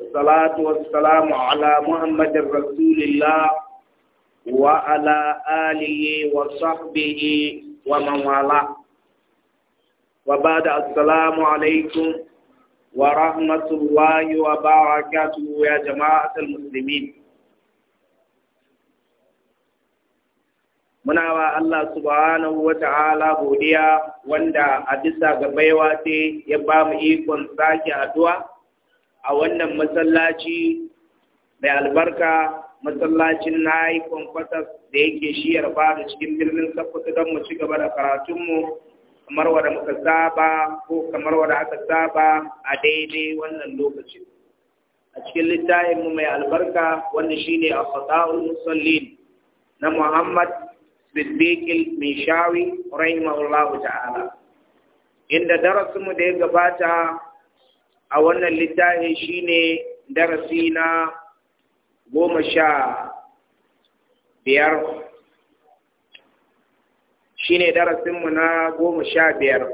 والصلاة والسلام على محمد رسول الله وعلى آله وصحبه ومن والاه وبعد السلام عليكم ورحمة الله وبركاته يا جماعة المسلمين muna wa Allah subhanahu wa ta'ala godiya wanda a bisa ga baiwa ce ya ba mu ikon sake addu'a a wannan masallaci mai albarka masallacin na yi kwankwatas da yake shiyar ba da cikin birnin sabbata don mu ci gaba da karatunmu kamar wadda muka saba ko kamar wadda aka saba a daidai wannan lokacin a cikin littafinmu mai albarka wanda shine a fata'ul musallin na muhammad siddiqil mishawi rahimahullahu ta'ala inda darasinmu da ya gabata a wannan littafi ne darasi na goma sha biyar ne darasinmu na goma sha biyar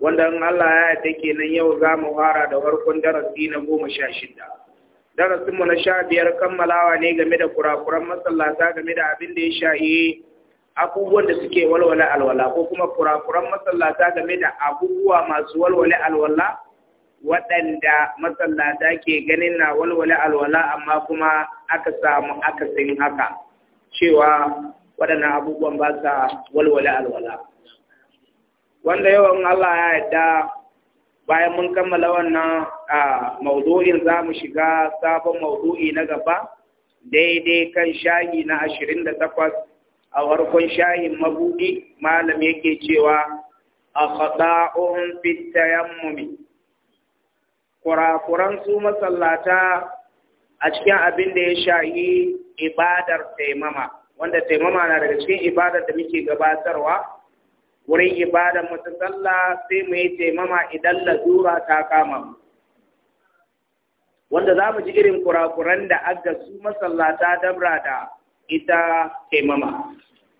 wanda in Allah ya yi take nan yau za mu fara da farkon darasi na goma sha shida darasinmu na sha biyar kammalawa ne game da kurakuran masallata game da abin da ya shahi abubuwan da suke walwala alwala ko kuma kurakuran masallata game da abubuwa masu walwala alwala waɗanda masallata ke ganin na walwala alwala amma kuma aka samu akasin haka cewa waɗannan abubuwan ba sa walwala alwala wanda yawan Allah ya yarda bayan mun kammala wannan maudu'in za mu shiga sabon maudu'i na gaba daidai kan shayi na ashirin da a farkon shayin mabudi malam yake cewa a khata'uhum fi tayammumi kurakuran su masallata a cikin abin da ya shayi ibadar taimama wanda taimama na daga cikin ibadar da muke gabatarwa wurin ibadar mu sai mu yi taimama idan ladura ta kama mu wanda za mu ji irin kurakuran da aga su masallata dabra da ita taimama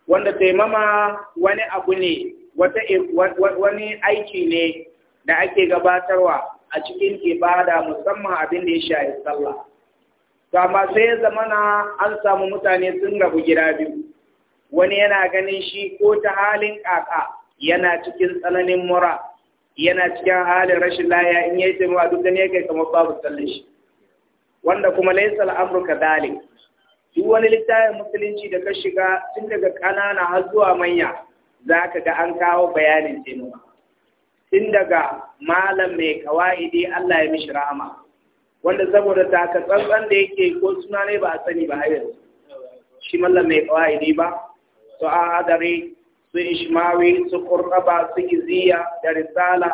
wanda taimama wani abu ne wani aiki ne da ake gabatarwa a cikin ibada musamman abin da ya shafi sallah to amma sai ya zamana an samu mutane sun rabu gida biyu wani yana ganin shi ko ta halin ƙaƙa yana cikin tsananin mura yana cikin halin rashin laya in yayi taimama duk da ne kai kamar babu tsallin shi wanda kuma laysal Amurka kadhalik duk wani littafin musulunci da ka shiga tun daga ƙanana har zuwa manya za ka ga an kawo bayanin taimama tun daga malam mai kawa'idi Allah ya mishi rahama wanda saboda taka tsantsan da yake ko suna ne ba a sani ba hayar shi malam mai kawa'idi ba su hadari su ishmawi su kurraba su iziya da risala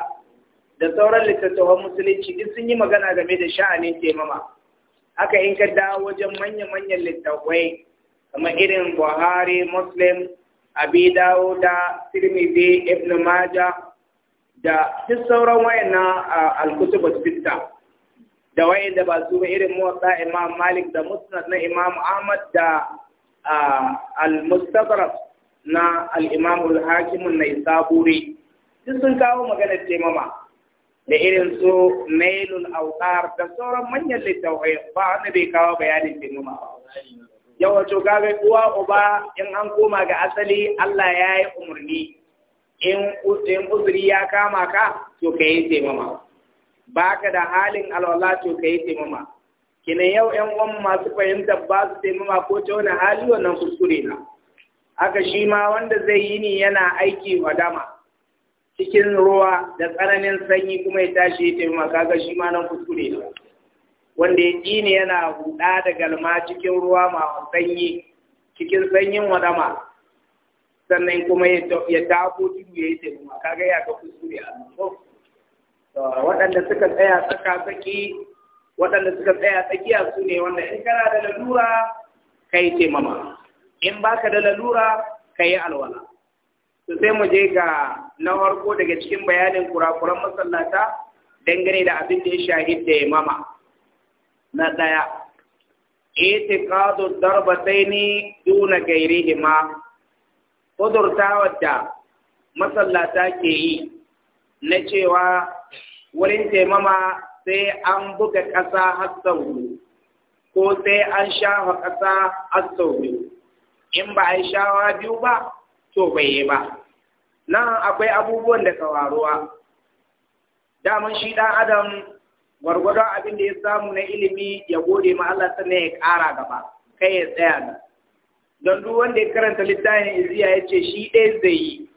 da sauran littattafan musulunci duk sun yi magana game da sha'anin taimama haka in ka dawo wajen manya-manyan littattafai kamar irin buhari muslim abi da tirmidhi ibn maja da duk sauran wayannan na sitta da wayanda ba su ba irin muwatta imam malik da musnad na imam ahmad da al-mustadrak na al-imam al-hakim na Isaburi. duk sun kawo maganar taimama da irin su Nailun autar da sauran manyan littafai ba wanda bai kawo bayanin tinuma yau to kaga uwa uba in an koma ga asali Allah ya yi umarni in uzuri ya kama ka to ka yi taimama ka da halin alwala to ka yi taimama kina yau 'yan uwan masu fahimta ba su taimama ko ta wani hali wannan kuskure na haka shi ma wanda zai yi ni yana aiki wa dama cikin ruwa da tsananin sanyi kuma ya tashi ya taimaka kaga shi ma nan kuskure ne wanda ya ne yana huɗa da galma cikin ruwa masu sanyi cikin sanyin wadama sannan kuma ya tafo tudu ya yi taimaka kaga ya ga kuskure a waɗanda suka tsaya tsaka tsaki waɗanda suka tsaya tsakiya su ne wanda in kana da lalura ka yi taimama in baka da lalura ka yi alwala to sai mu je ga na farko daga cikin bayanin kurakuran masallata dangane da abin da ya shahid da imama na daya itiqadu darbataini duna gairihima kudurta wadda masallata ke yi na cewa wurin taimama sai an buga ƙasa har sau ko sai an shafa ƙasa har sau biyu in ba a yi shawa biyu ba so bai yi ba nan akwai abubuwan da kawaruwa daman shi ɗan adam gwargwadon abin da ya samu na ilimi ya gode ma Allah sannan ya ƙara gaba kai ya tsaya da don duk wanda ya karanta littafin iziya ya ce shi ɗaya zai yi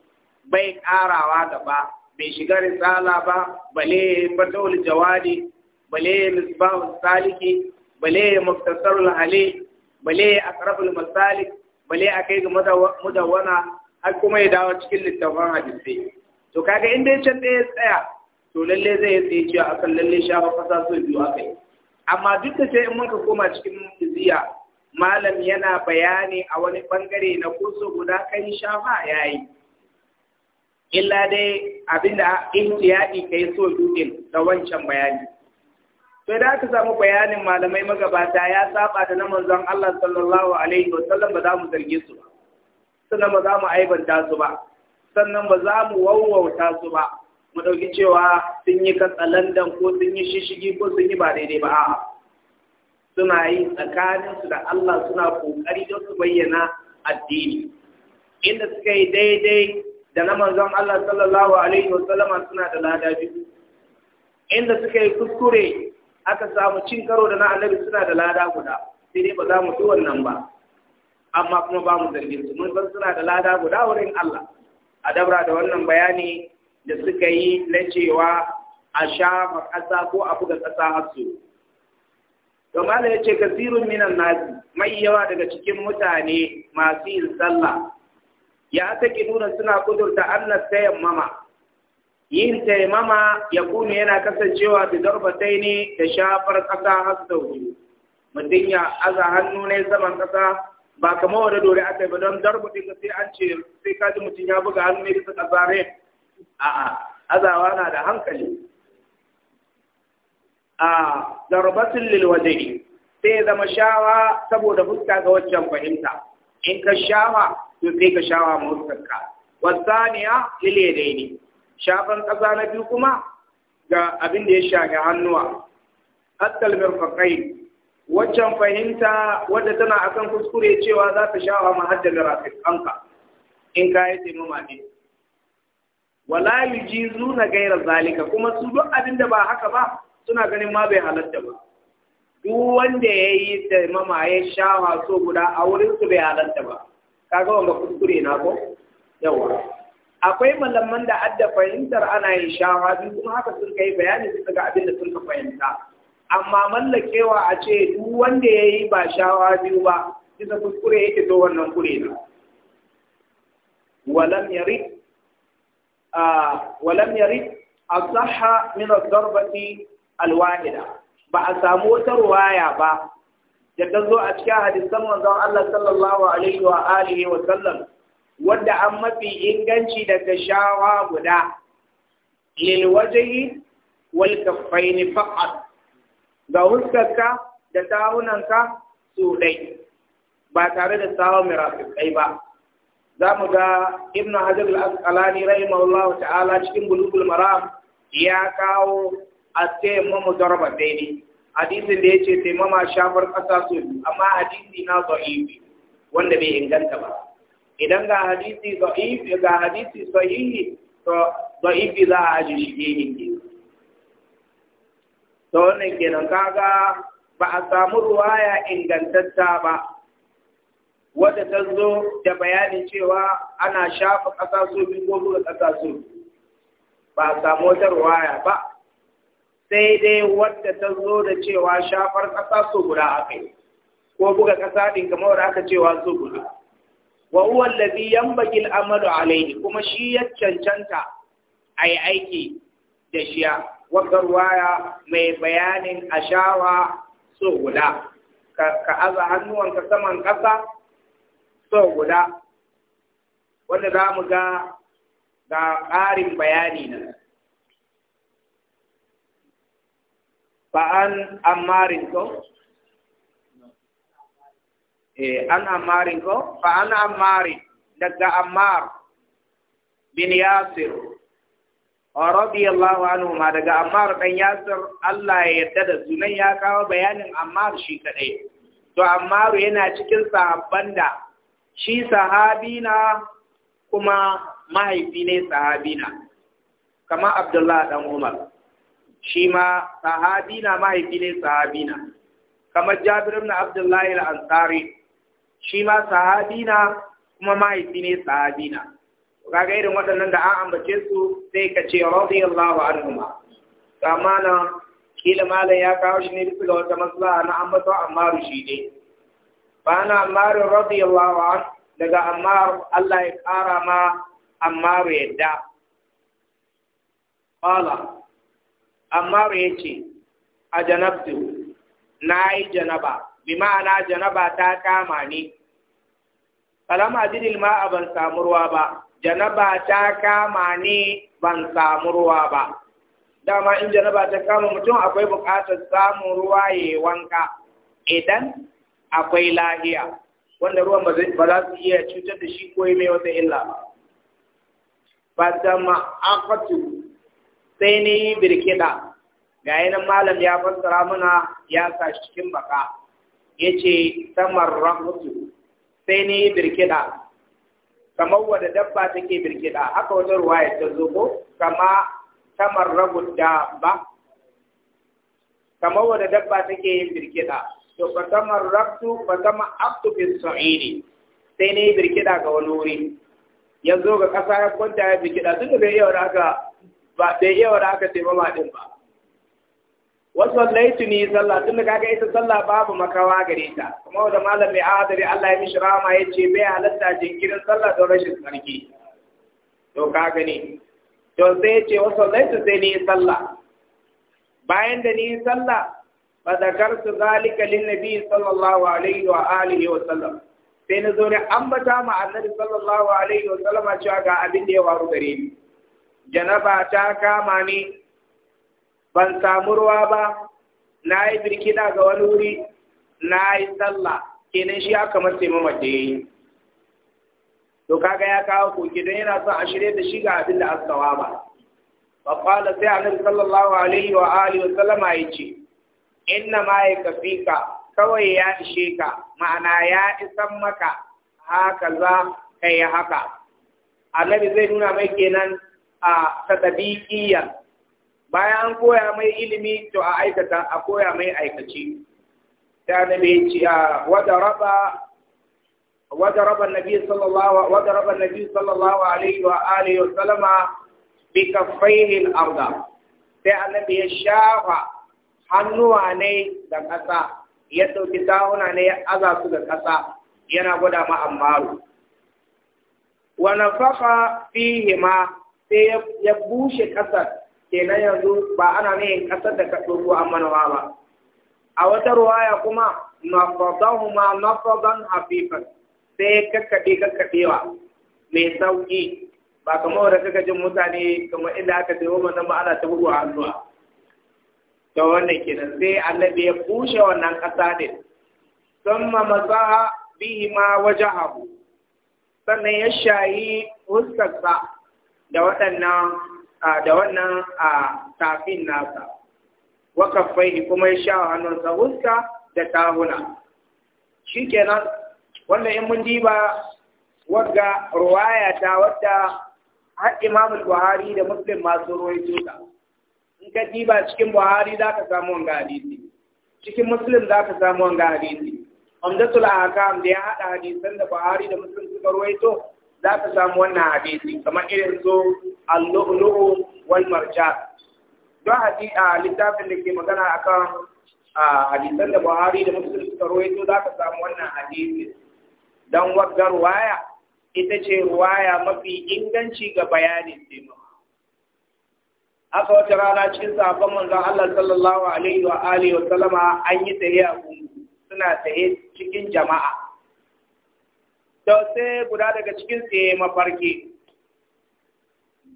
bai ƙarawa gaba bai shiga risala ba bale fatawul jawadi bale misbahul saliki bale muftasarul hali bale akrabul masalik bale akai ga mudawara. har kuma ya dawo cikin littafin hadisai to kaga inda dai can ya tsaya to lalle zai tsaye cewa akan lalle shafa fasa so biyu aka amma duk da sai in muka koma cikin iziya malam yana bayani a wani bangare na kurso guda kai shafa yayi illa dai abinda ihtiyadi kai so biyu da wancan bayani sai da aka samu bayanin malamai magabata ya saba da na manzon Allah sallallahu alaihi wasallam ba za mu zarge su ba sannan ba za mu aibanta su ba sannan ba za mu wawauta su ba mu ɗauki cewa sun yi katsalandan ko sun yi shishigi ko sun yi ba daidai ba a'a suna yi tsakaninsu da Allah suna kokari don su bayyana addini inda suka yi daidai da na manzon Allah sallallahu alaihi wa sallama suna da lada biyu inda suka yi kuskure aka samu cin karo da na annabi suna da lada guda sai dai ba za mu ci wannan ba amma kuma ba mu zargin su mun san suna da lada guda wurin Allah a dabra da wannan bayani da suka yi na cewa a sha makasa ko a buga ƙasa hasu to mala yace kasirun minan nasi mai yawa daga cikin mutane masu yin sallah ya take nuna suna kudurta annas mama. yin taimama ya kunu yana kasancewa da zarbatai ne da shafar ƙasa har mutum ya aza hannu ne saman ƙasa ba kamar wanda dore aka yi ba don darbu din sai an ce sai kaji mutum ya buga hannu ne bisa kazare a'a azawa na da hankali a darbatin lil sai zama shawa saboda fuska ga waccan fahimta in ka shawa to sai ka shawa ma fuskarka wasaniya da ne. shafan kasa na biyu kuma ga abin da ya shafi hannuwa hatta al waccan fahimta wadda tana akan kuskure cewa za ta sha wa da rafiƙanka in ka yi taimama ne wala ji na gairar zalika kuma su duk abin da ba haka ba suna ganin ma bai halatta ba duk wanda ya yi taimama ya sha wa so guda a wurin su bai halatta ba kaga ba kuskure na ko yawa akwai malaman da adda fahimtar ana yin shawa duk kuma haka sun kai bayani su ga abin da sun ka fahimta amma mallakewa a ce duk wanda ya yi ba shawa biyu ba bisa kuskure yake to wannan kure na walam yari walam a asaha min zarbati darbati al-wahida ba a samu wata ruwaya ba da ta zo a cikin hadisan manzon Allah sallallahu alaihi wa alihi wa sallam wadda an mafi inganci daga shawa guda lil wajhi wal kaffaini faqat ga huskarka da tawunanka su dai ba tare da sawun mirafikai ba za mu ga ibnu hajar al RAI rahimahullah ta'ala cikin bulubul maram ya kawo mu zarba daidai hadisin da ya yace taimama shafar ƙasa so amma hadisi na zoifi wanda bai inganta ba idan ga hadisi zoifi za a ajiye shi ne to wannan kenan kaga ba a samu ruwaya ingantatta ba wadda ta zo da bayanin cewa ana shafa ƙasa so ko buga ƙasa ba a samu wata ruwaya ba sai dai wadda ta zo da cewa shafar ƙasa guda akai ko buga ƙasa ɗin kamar wadda aka cewa so guda wa huwa allazi yanbaghi al-amalu alayhi kuma shi ya cancanta ai aiki da shiya wata ruwaya mai bayanin ashawa so guda ka aza hannuwanka saman ƙasa so guda wanda za mu ga ga ƙarin bayani na. fa'an amarin ko? Eh, an amarin ko? fa'an amarin daga amar bin yasir radiyallahu anhu ma daga Ammar dan Yasir Allah ya yarda da su nan ya kawo bayanin Ammar shi kadai to Ammar yana cikin sahabban da shi sahabina kuma mahaifi ne sahabina kama Abdullah dan Umar shi ma sahabina mahaifi ne sahabina Kama Jabir ibn Abdullah al-Ansari shi ma sahabina kuma mahaifi ne sahabina kaga irin waɗannan da an ambace su sai ka ce radiyallahu anhuma amma na kila malam ya kawo shi ne bisa ga wata maslaha na ambato ammaru shi ne ba na ammaru radiyallahu an daga ammaru Allah ya ƙara ma ammaru yadda qala ammaru ce a janabtu na yi janaba bi ma'ana janaba ta kama ni kalama adidil ma ban samurwa ba janaba ta kama ni ban samu ruwa ba dama in janaba ta kama mutum akwai buƙatar samun ruwa ya wanka idan akwai lahiya wanda ruwan ba za su iya cutar da shi ko mai wata illa ba ba ta ma'akatu sai ni birkida ga nan malam ya fassara mana ya sa cikin baka ya ce samar rahoto sai ni birkida kamar wadda dabba take birkida haka wata ruwaya ta zo ko kama da dabba kamar wadda dabba take yin birkida to fa ba fa tamarrabtu bin sa'iri sai ne birkida ga wani wuri yanzu ga kasa ya kwanta ya birkida duk bai yawa da aka ba bai yawa da aka taimama din ba Wasu wasallaitu ni sallah tun da kaga ita sallah babu makawa gare ta kuma da malam mai adari Allah ya mishi rama ya ce bai halatta jinkirin sallah don rashin sarki to ka gani to sai ce wasallaitu sai ni sallah bayan da ni sallah fa zakartu zalika lin nabi sallallahu alaihi wa alihi wa sallam sai na zo ne ambata ma annabi sallallahu alaihi wa sallama cewa ga abin da ya waru gare ni janaba ta kama ni ban samu ruwa ba na yi birkida ga wani wuri na yi sallah kenan shi aka matse mamar mace ya yi to kaga ya kawo koke don yana son a shirya da shi ga abin da aka ba wa qala sai annabi sallallahu alaihi wa alihi wa sallama yace inna ma ka kawai ya ishe ka ma'ana ya isan maka haka za ka yi haka annabi zai nuna mai kenan a tadbiqiyya bayan an koya mai ilimi to a aikata a koya mai aikaci ta nabi ci a ah, wada raba wada raba nabi sallallahu wada raba nabi sallallahu alaihi wa alihi wa sallama bi kaffaihi al-arda sai nabi ya shafa hannuwa ne da ƙasa ya ɗauki sahuna ne ya aza su da ƙasa yana gwada ma ammaru wa nafaka fihi ma sai ya bushe kasar kenan yanzu ba ana nihin ƙasar da ka ko a manowa ba a wata ruwaya kuma ma mafazan hafifan sai kakkaɗe kakkaɗewa mai sauƙi ba kamar wanda kaka jin mutane kamar inda aka sayo wannan ba ana ta bugu a hannuwa Ta wannan kenan sai annabi ya kushe wannan ƙasa ne. thumma masaha bihi ma wajen hagu. sannan ya shayi hussarsa. da waɗannan da wannan a tafin nasa fai kaffaihi kuma ya sha hannunsa huska da tahuna Shi kenan, wanda in mun diba wadda ruwaya ta wadda har Imam Buhari da Muslim masu ruwai tuta. in ka diba cikin Buhari za ka samu wanga hadisi cikin Muslim za ka samu wanga hadisi Umdatul Ahkam da ya haɗa hadisan da Buhari da Muslim suka rawaito za ka samu wannan hadisi kamar irin su al-lu'lu'u wal marjan don a littafin da ke magana akan hadisan da Buhari da Muslim suka rawaito za ka samu wannan hadisi dan wagga ruwaya ita ce ruwaya mafi inganci ga bayanin tema aka wata rana cikin sabon manzon Allah sallallahu alaihi wa alihi wa sallama an yi tsaye suna tsaye cikin jama'a to sai guda daga cikin tsaye mafarki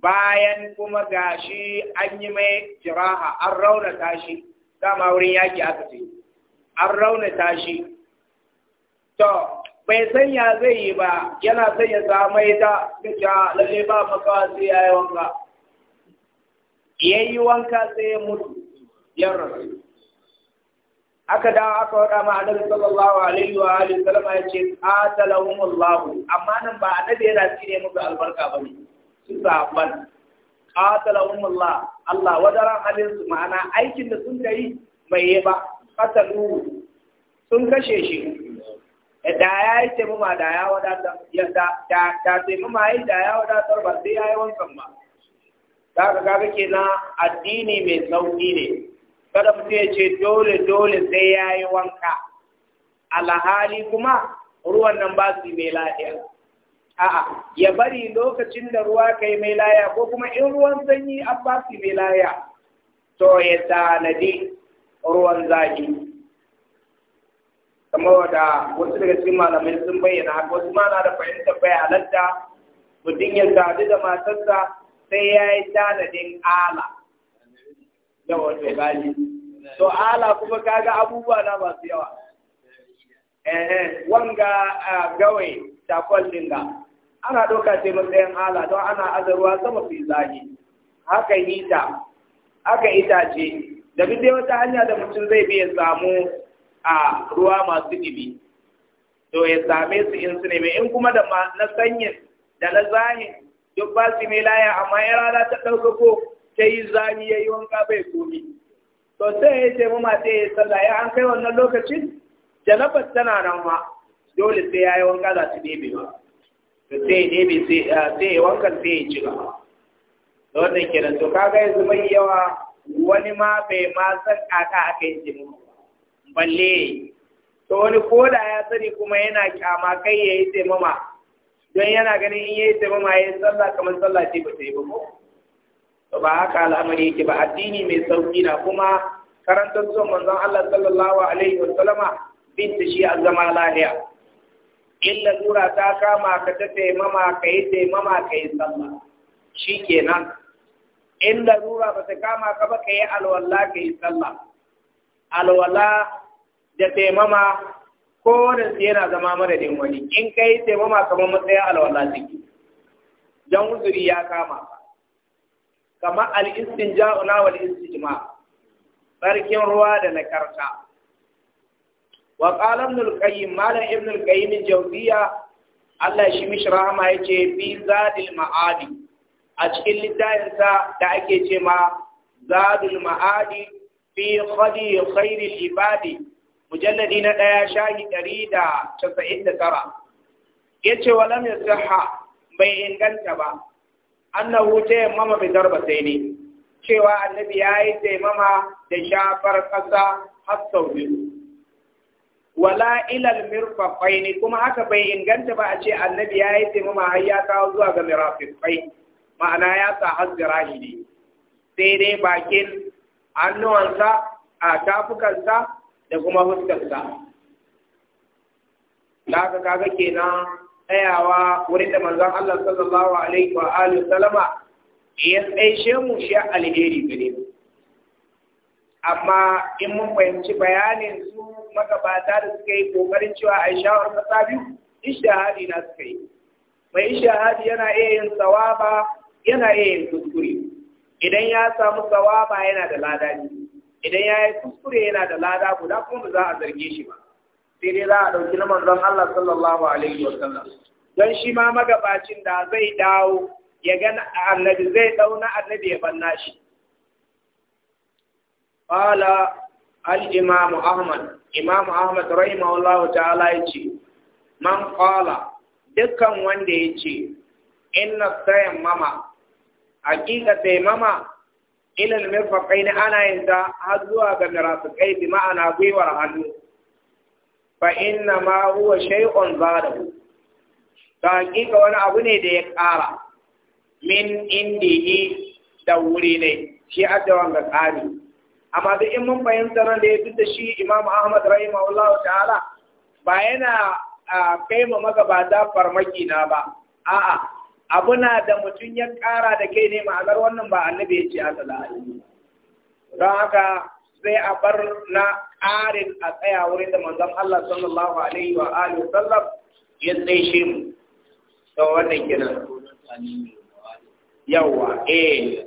bayan kuma gashi an yi mai jiraha an raunata shi dama wurin yaki aka ce an raunata shi to bai san ya zai yi ba yana son ya ta ita ga lalle ba makawa sai ya yi wanka ya yi wanka sai ya mutu ya rasu aka dawo aka wada ma annabi sallallahu alaihi wa alihi sallama ya ce qatalahum Allah amma nan ba annabi yana tsire musu albarka ba ne. suka ban qatalahum Allah Allah wadara halin su ma'ana aikin da sun kai mai yi ba katalu sun kashe shi eh, da ya yi ma da ya wadatar da taimama yi da ya wadatar ba sai ya yi wankan ba za ka kaga ke na addini mai sauƙi ne kada mu ya ce dole dole sai ya yi wanka alhali kuma ruwan nan ba su mai lafiya a'a ya bari lokacin da ruwa kai mai laya ko kuma in ruwan sanyi an ba su mai laya to ya tanadi ruwan zaki kamar wata wasu daga cikin malamai sun bayyana haka wasu ma na da fahimtar bai halatta mutum ya sadu da matarsa sai ya yi tanadin ala da wato gaji to ala kuma kaga abubuwa na masu yawa eh wanga ah, gawai takwal dinga ana ɗauka ce matsayin hala don ana azarwa sama fi zagi haka hita haka itace da bi dai wata hanya da mutum zai bi ya samu a ruwa masu ɗibi to ya same su in su neme in kuma da na sanyin da na zahin duk ba su mai laya amma ya rana ta ko ta yi zami ya yi wanka bai komi to sai ya ce mu mata ya sallah ya an kai wannan lokacin janabar tana nan ma dole sai ya yi wanka za su ɗebe sai ne bai ah, sai ya wankan sai ya ci gaba da wannan kenan to kaga yanzu mai yawa wani ma bai ma san kaka aka yi jini balle to wani ko da ya sani kuma yana kyama kai ya yi taimama don yana ganin in ya yi taimama ya yi sallah kamar sallah ce ba ta yi ba ko to ba haka al'amari yake ba addini mai sauki na kuma karantar zuwan manzon Allah sallallahu alaihi wa sallama bin shi a zama lahiya in lalura ta kama ka ta taimama ka yi taimama ka yi sallah shi kenan in lalura ba ta kama ka ba ka yi alwala ka yi sallah alwala da taimama ko da yana zama madadin wani in ka yi taimama kamar matsayin alwala ciki don uzuri ya kama ka kamar al'istin ja'una wal istijma sarkin ruwa da na karta wa qala ibn qayyim malam ibn al-qayyim al-jawziya Allah shi yace zadil ma'adi a cikin littafin sa da ake ce ma zadul ma'adi fi khadi khairil ibadi mujalladi na daya shahi 199 yace walam yasihha bai inganta ba annahu tayammama bi darbatayni cewa annabi yayi tayammama da shafar ƙasa har sau biyu wala ilal ne, kuma haka bai inganta ba a ce annabi ya yi taimama har ya kawo zuwa ga mirafiqai ma'ana ya sa shi ne sai dai bakin hannuwansa a tafukansa da kuma huskarsa da haka kaga kenan tsayawa wurin da manzon Allah sallallahu alaihi wa alihi sallama ya tsaishe shemu shi alheri gare mu amma in mun fahimci bayanin su magabata da suka yi kokarin cewa a shawar kasa biyu ishahadi na suka yi mai ishahadi yana iya yin sawaba yana iya yin kuskure idan ya samu sawaba yana da lada ne idan ya yi kuskure yana da lada guda kuma ba za a zarge shi ba sai dai za a ɗauki na manzon Allah sallallahu alaihi wa sallam don shi ma magabacin da zai dawo ya ga annabi zai dauna annabi ya banna shi Fala al'imamu Ahmad, imamu Ahmad rahimahullahu ta'ala ya ce, Man Fala, dukkan wanda ya ce, Inna sayan mama, hakika taimama ilal mirfaƙai na ana yin ta har zuwa ga mirafiƙai bi ma'ana gwiwar hannu. Fa inna ma huwa da zadahu. Ta hakika wani abu ne da ya ƙara min indihi da wuri ne, shi addawan ga tsari. amma duk in mun fahimta nan da ya fi da shi Imam Ahmad rahimahullahu ta'ala ba yana kai ma magabata farmaki na ba a'a abu na da mutum ya ƙara da kai ne ma'anar wannan ba annabi ya ce don haka sai a bar na ƙarin a tsaya wurin da manzon Allah sallallahu alaihi wa alihi sallam ya tsaye mu wannan kenan yawa eh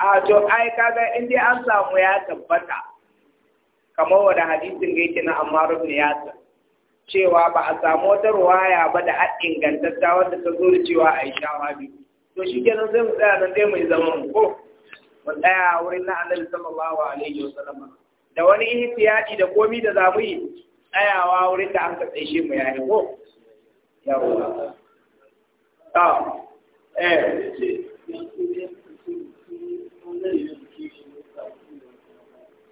a to ai kaga in dai an samu ya tabbata kamar wani hadisin da yake na Ammar ibn Yasir cewa ba a samu wata ruwaya ba da an ingantatta wanda ta zo da cewa Aisha ma bi to shi zan mu tsaya nan dai mai zaman ko mu tsaya wurin na Annabi sallallahu alaihi wasallam da wani ihtiyadi da komi da zamu yi tsayawa wurin da an ka tsaye mu yayi ko yawa ta eh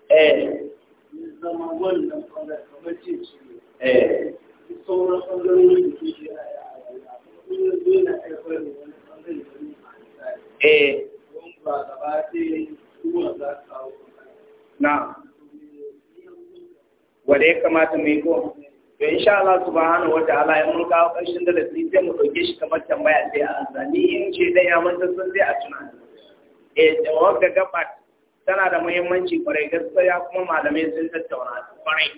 eh zama wannan kamar ce ce eh sauran eh. ɓangarorin da na ya kamata mu yi ko insha Allah subhanahu wa ta'ala in mun kawo ƙarshen darasi sai mu ɗauke shi kamar tambaya sai a azani in ce dan ya manta sun sai a tunani eh da gaba tana da muhimmanci kwarai gaskiya kuma malamai sun tattauna kwarai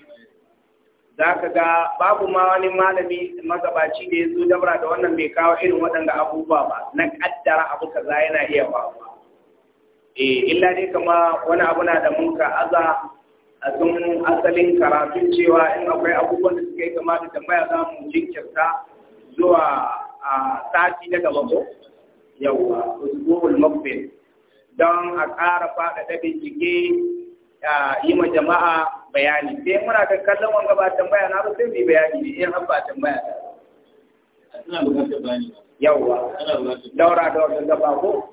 za ka ga babu ma wani malami magabaci da ya zo dabra da wannan bai kawo irin waɗanda abubuwa ba na ƙaddara abu za yana iya faruwa e illa dai kama wani abu na da munka aza a sun asalin karatun cewa in akwai abubuwan da suka yi kama da tambaya za mu jinkirta zuwa a sati na gaba ko yawwa usbu'ul maqbil don a ƙara faɗaɗa jike a yi ma jama'a bayani sai muna kan kallon wanga ba tambaya na ba sai mu bayani ne in ba tambaya ta yauwa daura da wannan gaba ko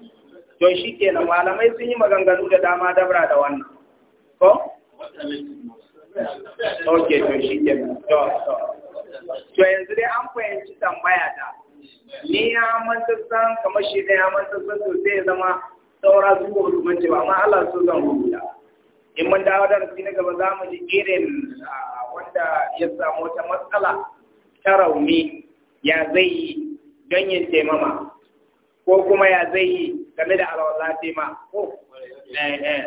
to shikenan malamai sun yi maganganu da dama dabra da wannan ko ok to shikenan to to yanzu dai an fahimci tambaya ta ni ya mantassan kamar shi ne ya mantassan to sosai ya zama saura sun gobe kuma ba amma Allah so zan rubuta in mun dawo da su na gaba za mu ji irin wanda ya samu wata matsala ta rauni ya zai yi don yin taimama ko kuma ya zai yi game da alwala tema ko eh, eh.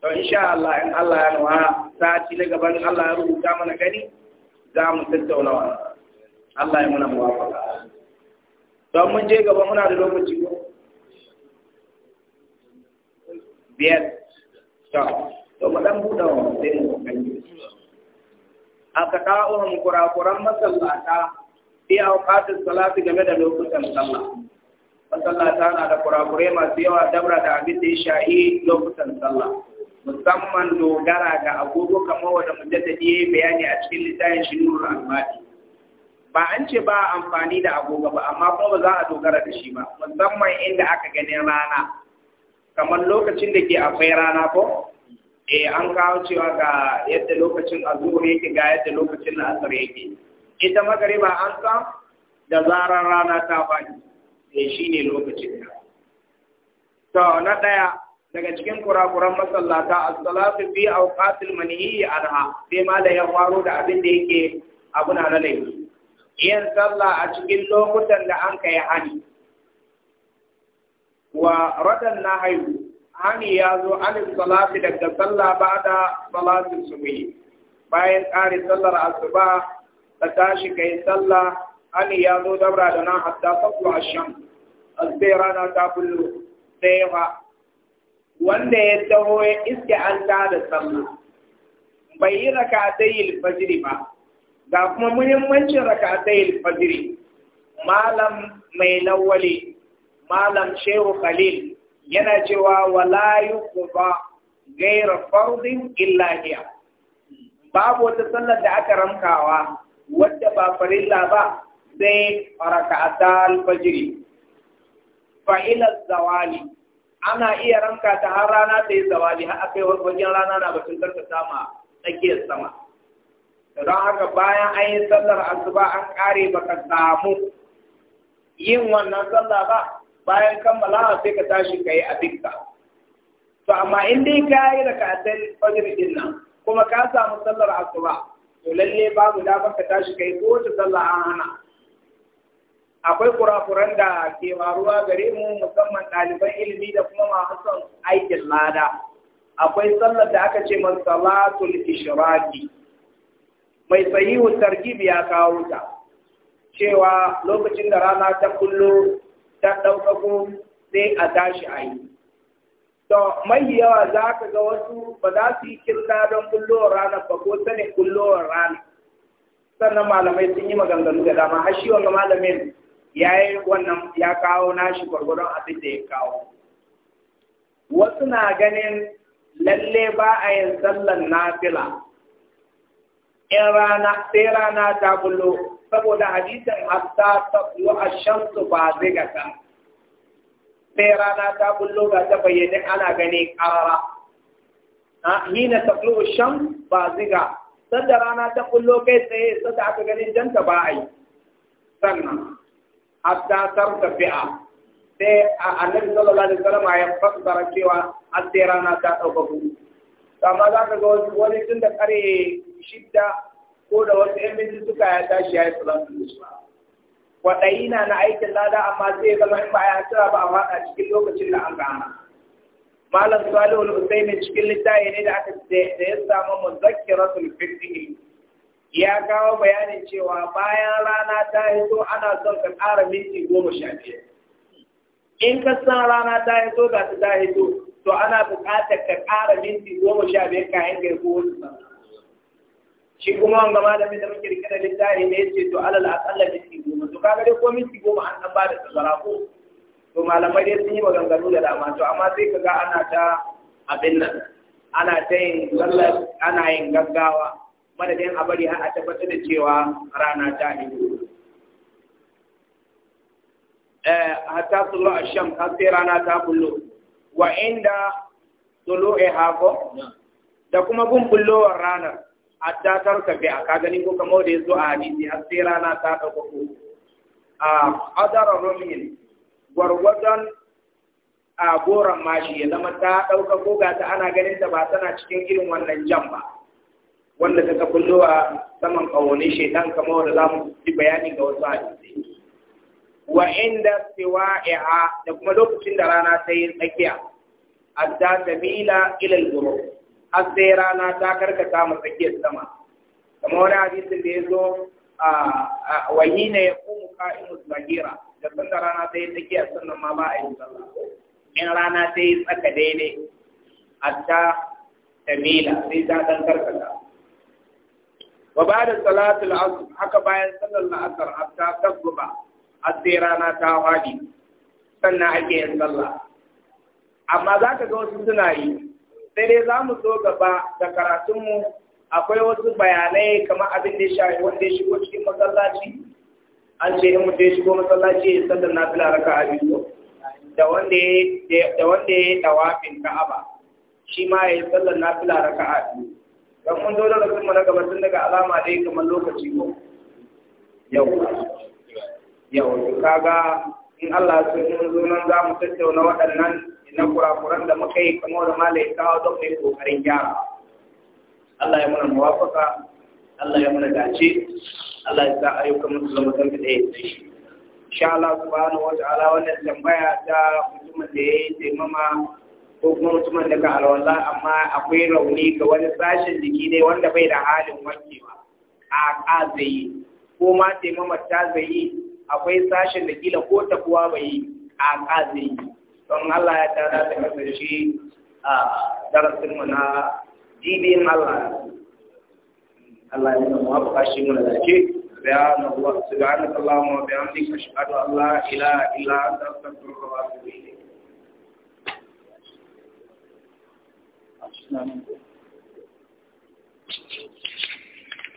to insha Allah in Allah ya nuna sati na gaban Allah ya rubuta mana gani za mu tattauna Allah ya muna muwafaqa don mun je gaba muna da lokaci ko biyar to to mu dan buɗa wa sai mu kalli akata'uhum masallata fi awqatis salati game da lokutan sallah masallata na da kurakurai masu yawa dabra da abin da ya shahi lokutan sallah musamman dogara ga agogo kamar wanda mujaddadi bayani a cikin littafin shi nurul almadi ba an ce ba amfani da agogo ba amma kuma ba za a dogara da shi ba musamman inda aka ganin rana kamar lokacin da ke akwai rana ko eh an kawo cewa ga yadda lokacin azhur yake ga yadda lokacin asar yake ita magariba an san da zarar rana ta faɗi eh shine lokacin ta to na daya daga cikin kurakuran masallata as-salatu fi awqatil manhiyi anha sai ma da ya da abin da yake abuna na laifi yin sallah a cikin lokutan da an kai hani wa radan na haihu hani ya zo alif salati daga sallah ba'da salatin subhi bayan ƙari sallar asuba da tashi kai sallah hani ya zo dabra da nan hatta a shan. sai rana ta bullo sai ba wanda ya taho ya iske an ta da sallah bai yi raka'atayil fajri ba ga kuma muhimmancin raka'atayil fajri malam mai lawali malam shehu khalil yana cewa wala yuqba gaira fardin illa hiya babu wata sallar da aka ramkawa wadda ba farilla ba sai raka'ata al-fajr fa ila zawali ana iya ranka ta har rana ta yi zawali har akai wajen rana na batun karka sama tsakiyar sama don haka bayan an yi sallar asuba an kare baka samu yin wannan sallar ba bayan kammala sai ka tashi ka yi abinka to amma in dai ka yi raka'atan fajr din nan kuma ka samu sallar asuba to lalle babu damar ka tashi ka yi ko ta sallah an hana akwai kurakuran da ke maruwa gare mu musamman ɗaliban ilimi da kuma masu son aikin lada akwai sallar da aka ce man salatul ishraqi mai sahihu gib ya kawo ta cewa lokacin da rana ta kullo ta ɗaukako sai a tashi a yi. To, mai yawa za ka ga wasu ba za su yi kirta don kullowar rana ba ko sanin kullowar rana. Sannan malamai sun yi maganganu da dama, har shi wanga malamin ya yi wannan ya kawo nashi gwargwaron abin da ya kawo. Wasu na ganin lalle ba a yin sallan nafila. In rana, sai rana ta bullo saboda hadisin hatta shan su ba zai gata sai rana ta bullo ga ta bayyane ana gani na hina tablo shan ba ziga sanda rana ta bullo kai tsaye sanda aka ganin janta ba a yi sannan hatta tarta tafiya, sai a annabi sallallahu alaihi wasallam ya fassara cewa an sai rana ta ɗauka hudu amma za ka ga wani tun da kare shidda ko da wasu ‘yan minti suka ya tashi ya yi salatu da su kwaɗayi na na aikin lada amma sai ya zama in ba ya hasira ba a faɗa cikin lokacin da an gama malam salihu al-usaini cikin littafi ne da aka da ya samu muzakkiratul fiqh ya kawo bayanin cewa bayan rana ta hito ana son ka ƙara minti goma sha biyar in ka san rana ta hito ga ta hito to ana buƙatar ka ƙara minti goma sha biyar kayan ka yi kowace shi kuma wanga malamin da muke rike da littafi ne yace to alal aqalla minti goma to kaga dai ko minti goma an dan bada tsara ko to malamai dai sun yi maganganu da dama to amma sai kaga ana ta abin nan ana ta yin sallar ana yin gaggawa madadin a bari har a tabbatar da cewa rana ta hidu eh hatta tulu asham har sai rana ta kullu wa inda e hako da kuma gun bullowar ranar hatta ka bi a ka gani ko kamar da a hadisi har sai rana ta dauko ko a adara rumin gwargwadon a goron mashi ya zama ta dauka ko ga ta ana ganin ta ba tana cikin irin wannan jan ba wanda ta kullo a saman kawonin shaitan kamar da zamu yi bayani ga wasu hadisi wa inda iha da kuma lokacin da rana ta yi tsakiya adda tabila ila al-ghurub har sai rana ta karkata mu tsakiyar sama kamar wani hadisin da ya zo a ne ya kuma ka'imus zagira da sanda rana ta yi tsakiya sannan ma ba a yi sallah in rana ta yi tsaka daidai hatta tamila sai ta dan karkata wa ba da salatul asr haka bayan sallar la'asar hatta tabba har sai rana ta wadi sannan ake yin sallah amma za ka ga wasu suna yi sai dai za mu zo gaba da karatunmu akwai wasu bayanai kamar abin da ya wanda ya shigo cikin masallaci an ce in mutum ya shigo masallaci ya sallar na fila raka a biyu da wanda ya yi dawafin ka'aba shi ma ya yi sallar na fila raka a biyu don kun zo da rasulmu mana gaba tun daga alama dai kamar lokaci ko yau yau kaga in Allah sun zo nan za mu tattauna waɗannan na kurakuran da muka yi kamar da malai kawo don mai kokarin gyara Allah ya muna muwafaka Allah ya muna dace Allah ya sa ayyukan musu zama zan da ya tsaye insha Allah subhanahu wa ta'ala wannan tambaya ta mutumin da ya yi taimama ko kuma mutumin da ka alwala amma akwai rauni ga wani sashen jiki ne wanda bai da halin wankewa a ka zai yi ko ma taimama ta zai yi akwai sashen da kila ko tafuwa bai yi a ka zai yi don Allah ya tara da kasance a darasinmu na dibin Allah Allah ya mu da ke bayan Allah subhanahu wa ta'ala bayan